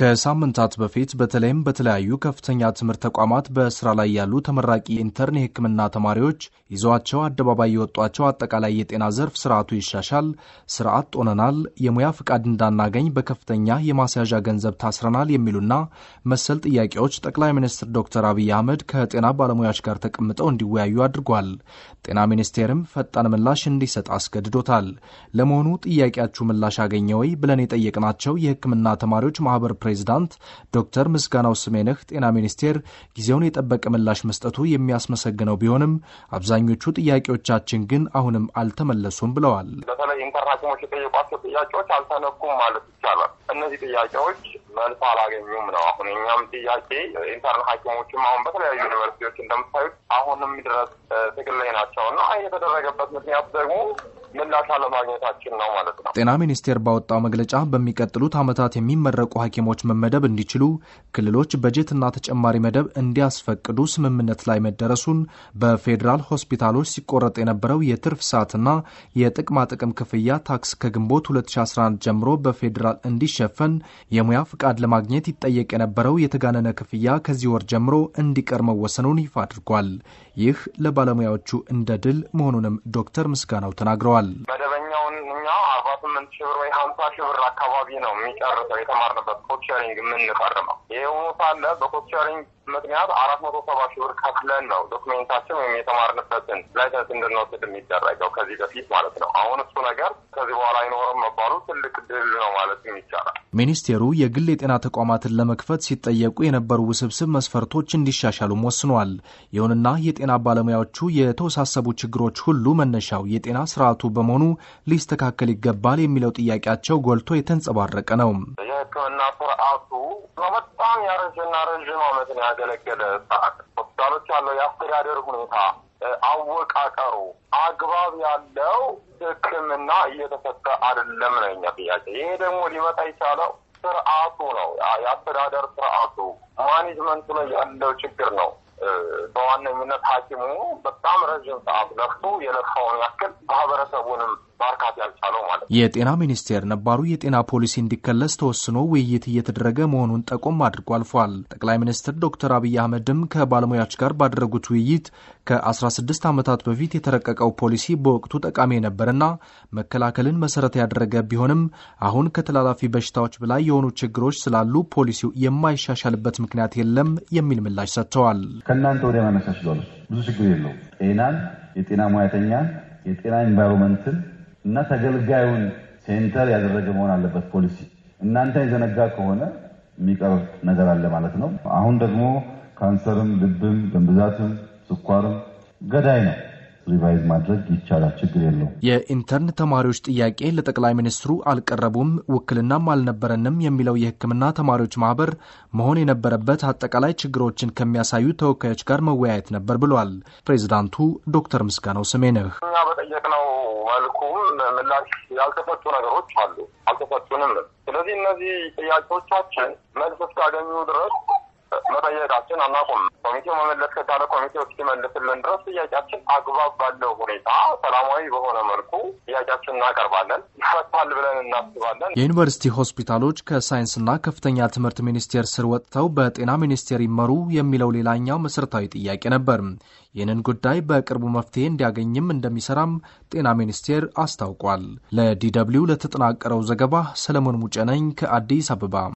ከሳምንታት በፊት በተለይም በተለያዩ ከፍተኛ ትምህርት ተቋማት በስራ ላይ ያሉ ተመራቂ ኢንተርን የሕክምና ተማሪዎች ይዘዋቸው አደባባይ የወጧቸው አጠቃላይ የጤና ዘርፍ ስርዓቱ ይሻሻል፣ ስርዓት ጦነናል፣ የሙያ ፍቃድ እንዳናገኝ በከፍተኛ የማስያዣ ገንዘብ ታስረናል የሚሉና መሰል ጥያቄዎች ጠቅላይ ሚኒስትር ዶክተር አብይ አህመድ ከጤና ባለሙያዎች ጋር ተቀምጠው እንዲወያዩ አድርጓል። ጤና ሚኒስቴርም ፈጣን ምላሽ እንዲሰጥ አስገድዶታል። ለመሆኑ ጥያቄያችሁ ምላሽ አገኘ ወይ ብለን የጠየቅናቸው የሕክምና ተማሪዎች ማህበር ፕሬዚዳንት ዶክተር ምስጋናው ስሜነህ ጤና ሚኒስቴር ጊዜውን የጠበቀ ምላሽ መስጠቱ የሚያስመሰግነው ቢሆንም አብዛኞቹ ጥያቄዎቻችን ግን አሁንም አልተመለሱም ብለዋል። በተለይ ኢንተርናሽኖች የጠየቋቸው ጥያቄዎች አልተነኩም ማለት ይቻላል። እነዚህ ጥያቄዎች መልስ አላገኙም ነው። አሁን እኛም ጥያቄ ኢንተርን ሐኪሞችም አሁን በተለያዩ ዩኒቨርሲቲዎች እንደምታዩት አሁንም ድረስ ትግል ላይ ናቸው እና የተደረገበት ምክንያት ደግሞ ምላሽ አለማግኘታችን ነው ማለት ነው። ጤና ሚኒስቴር ባወጣው መግለጫ በሚቀጥሉት ዓመታት የሚመረቁ ሐኪሞች መመደብ እንዲችሉ ክልሎች በጀትና ተጨማሪ መደብ እንዲያስፈቅዱ ስምምነት ላይ መደረሱን በፌዴራል ሆስፒታሎች ሲቆረጥ የነበረው የትርፍ ሰዓትና የጥቅማጥቅም ክፍያ ታክስ ከግንቦት 2011 ጀምሮ በፌዴራል እንዲሸፈን የሙያ ፍቃድ ለማግኘት ይጠየቅ የነበረው የተጋነነ ክፍያ ከዚህ ወር ጀምሮ እንዲቀር መወሰኑን ይፋ አድርጓል። ይህ ለባለሙያዎቹ እንደ ድል መሆኑንም ዶክተር ምስጋናው ተናግረዋል። መደበኛውን እኛ አርባ ስምንት ሺህ ብር ወይ ሀምሳ ሺህ ብር አካባቢ ነው የሚጨርሰው የተማርንበት ኮቸሪንግ የምንፈርመው። ይህ ሆኖ ሳለ በኮቸሪንግ ምክንያት አራት መቶ ሰባ ሺህ ብር ከፍለን ነው ዶክሜንታችን ወይም የተማርንበትን ላይሰንስ እንድንወስድ የሚደረገው ከዚህ በፊት ማለት ነው። አሁን እሱ ነገር ከዚህ በኋላ አይኖርም መባሉ ትልቅ ድል ነው ማለት ይቻላል። ሚኒስቴሩ የግል የጤና ተቋማትን ለመክፈት ሲጠየቁ የነበሩ ውስብስብ መስፈርቶች እንዲሻሻሉም ወስኗል። ይሁንና የጤና ባለሙያዎቹ የተወሳሰቡ ችግሮች ሁሉ መነሻው የጤና ስርዓቱ በመሆኑ ሊስተካከል ይገባል ይገባል የሚለው ጥያቄያቸው ጎልቶ የተንጸባረቀ ነው። የሕክምና ስርዓቱ በጣም ያረጀና ረዥም ዓመት ነው ያገለገለ ስርዓት ሆስፒታሎች ያለው የአስተዳደር ሁኔታ አወቃቀሩ አግባብ ያለው ሕክምና እየተሰጠ አይደለም ነው የእኛ ጥያቄ። ይሄ ደግሞ ሊመጣ የቻለው ስርዓቱ ነው፣ የአስተዳደር ስርዓቱ ማኔጅመንቱ ላይ ያለው ችግር ነው። በዋነኝነት ሐኪሙ በጣም ረዥም ሰዓት ለፍቶ የለፋውን ያክል ማህበረሰቡንም ማርካት ያልቻለው ማለት ነው። የጤና ሚኒስቴር ነባሩ የጤና ፖሊሲ እንዲከለስ ተወስኖ ውይይት እየተደረገ መሆኑን ጠቆም አድርጎ አልፏል። ጠቅላይ ሚኒስትር ዶክተር አብይ አህመድም ከባለሙያዎች ጋር ባደረጉት ውይይት ከ16 ዓመታት በፊት የተረቀቀው ፖሊሲ በወቅቱ ጠቃሚ የነበረና መከላከልን መሰረት ያደረገ ቢሆንም አሁን ከተላላፊ በሽታዎች በላይ የሆኑ ችግሮች ስላሉ ፖሊሲው የማይሻሻልበት ምክንያት የለም የሚል ምላሽ ሰጥተዋል። ከእናንተ ወዲያ መነሳሽ ብዙ ችግር የለው ጤናን፣ የጤና ሙያተኛ የጤና ኢንቫይሮመንትን እና ተገልጋዩን ሴንተር ያደረገ መሆን አለበት ፖሊሲ። እናንተ የዘነጋ ከሆነ የሚቀርብ ነገር አለ ማለት ነው። አሁን ደግሞ ካንሰርም፣ ልብም፣ ደም ብዛትም፣ ስኳርም ገዳይ ነው። ሪቫይዝ ማድረግ ይቻላል። ችግር የለው። የኢንተርን ተማሪዎች ጥያቄ ለጠቅላይ ሚኒስትሩ አልቀረቡም፣ ውክልናም አልነበረንም የሚለው የሕክምና ተማሪዎች ማህበር መሆን የነበረበት አጠቃላይ ችግሮችን ከሚያሳዩ ተወካዮች ጋር መወያየት ነበር ብሏል ፕሬዚዳንቱ ዶክተር ምስጋናው ስሜነህ። በጠየቅነው መልኩ ምላሽ ያልተፈቱ ነገሮች አሉ፣ አልተፈቱንም። ስለዚህ እነዚህ ጥያቄዎቻችን መልስ እስካገኙ ድረስ መጠየቃችን አናቁም። ኮሚቴው መመለስ ከቻለ ኮሚቴው እስኪመልስልን ድረስ ጥያቄያችን አግባብ ባለው ሁኔታ ሰላማዊ በሆነ መልኩ ጥያቄያችን እናቀርባለን። ይፈታል ብለን እናስባለን። የዩኒቨርሲቲ ሆስፒታሎች ከሳይንስና ከፍተኛ ትምህርት ሚኒስቴር ስር ወጥተው በጤና ሚኒስቴር ይመሩ የሚለው ሌላኛው መሰረታዊ ጥያቄ ነበር። ይህንን ጉዳይ በቅርቡ መፍትሄ እንዲያገኝም እንደሚሰራም ጤና ሚኒስቴር አስታውቋል። ለዲ ለተጠናቀረው ዘገባ ሰለሞን ሙጨነኝ ከአዲስ አበባ